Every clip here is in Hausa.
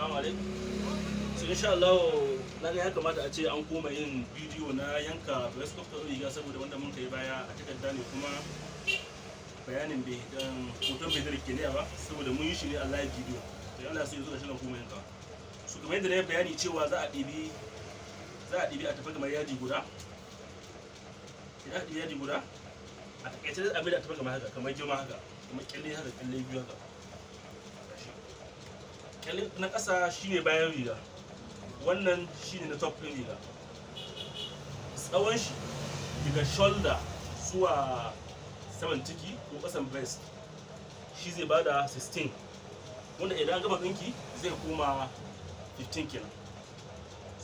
Assalamu alaikum. So insha Allah na ya kamata a ce an koma yin bidiyo na yanka breast of the riga saboda wanda mun kai baya a takarda ne kuma bayanin bai dan um, hoton bai dirke ne ba saboda mun yi shi ne a live video. To Allah sai zo da shirin kuma yanka. So kamar yadda na bayani cewa za a ɗibi za a ɗibi a tafi kamar yaji guda. Idan a ɗibi yaji guda a takaice abin da a tafi kamar haka kamar girma haka kamar kyalle haka kyalle biyu haka. na ƙasa shine bayan riga wannan shine na top riga tsawon shi daga shoulder zuwa saman ciki ko ƙasan breast shi zai bada 16 wanda idan gaba ɗinki zai koma 15 kenan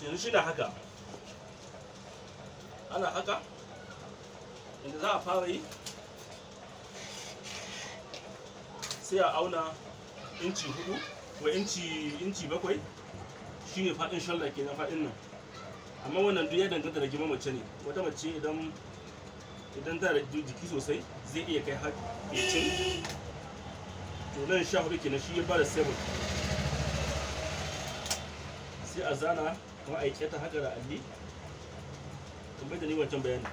yanzu shi na haka ana haka inda za a fara yi sai a auna inci hudu wa inci inci bakwai shine faɗin shoulder kenan faɗin nan amma wannan duk ya danganta da girman mace ne wata mace idan idan ta da jiki sosai zai iya kai har cin to nan sha hudu kenan shi ya bada seven sai a zana kuma a yi ta haka da alli kamar da ni wancan bayani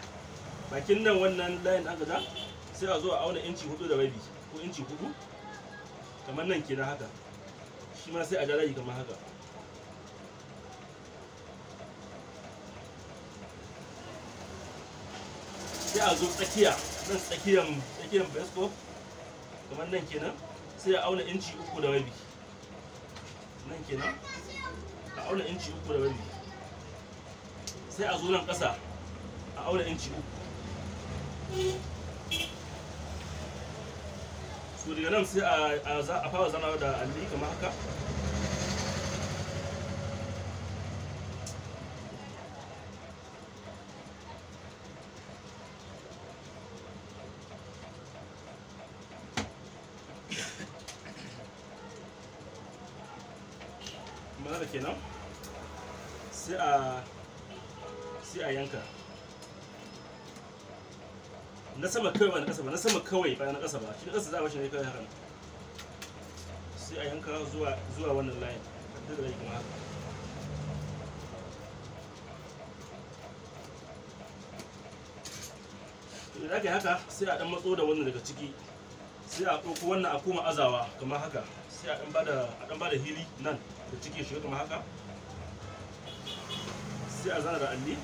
bakin nan wannan layin aka za sai a zo a auna inci hudu da rabi ko inci hudu kamar nan kenan haka shi ma sai a ja layi kamar haka sai a zo tsakiya nan tsakiyan tsakiyan bascope kamar nan kenan sai a auna inci uku da rabi nan kenan a auna inci uku da rabi sai a zo nan ƙasa a auna inci uku so daga nan sai a fara zana da alli kamar haka mana da kenan sai a yanka na sama kawai ba na ƙasa ba na sama kawai ba na ƙasa ba shi ƙasa za a bashi ne kawai hakan sai a yanka zuwa zuwa wannan layin duk da kuma haka idan aka haka sai a ɗan matso da wannan daga ciki sai a ɗauko wannan a koma azawa kamar haka sai a ɗan bada a dan bada hili nan da ciki shi kamar haka sai a zana da alli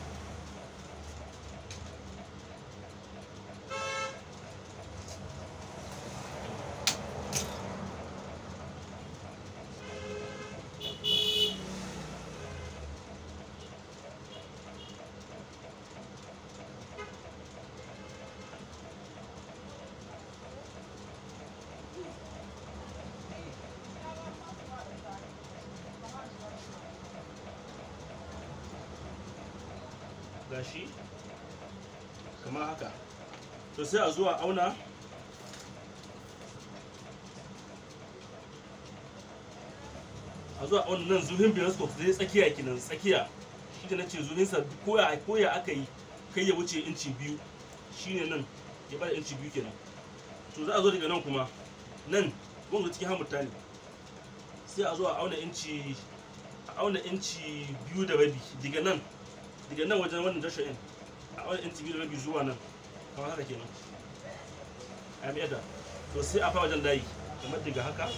gashi kamar haka to sai a zuwa auna a zuwa auna nan zuhin binoscope zai tsakiya kinan tsakiya shi na ce zuhinsa koya aka yi kai ya wuce inci biyu shine nan ya bada inci biyu kenan to za a zo daga nan kuma nan wanda cikin hamurta ne sai a zo a auna inci a auna inci biyu da rabi daga nan daga nan wajen wannan joshua in a wani inci biyu da rabi zuwa nan kamar haka kenan a yadda to sai a fa wajen layi kamar daga haka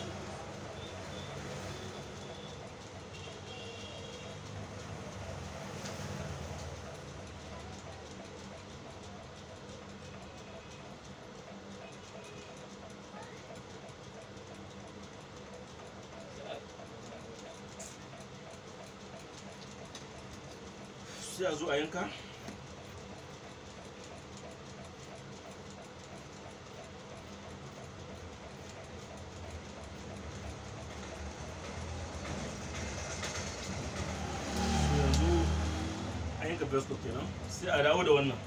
sai a zo a yanka yanzu a kenan sai a dawo da wannan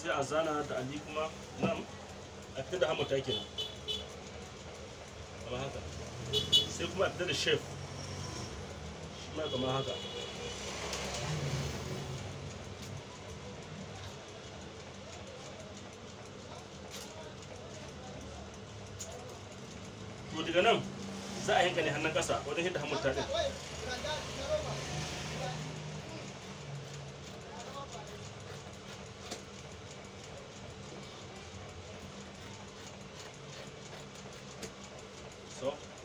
sai a zana da ali kuma nan a fita da hamata kenan kamar haka sai kuma a shi ma kamar haka to daga nan za a yanka ne hannun ƙasa wajen hidda hamurta ɗin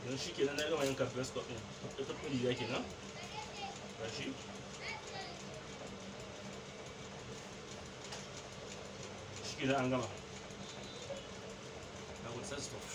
don shi kenan na gama yanka kafin cup ɗin ta kuli ya kenan ga shi shi kenan an gama na gudunsa stop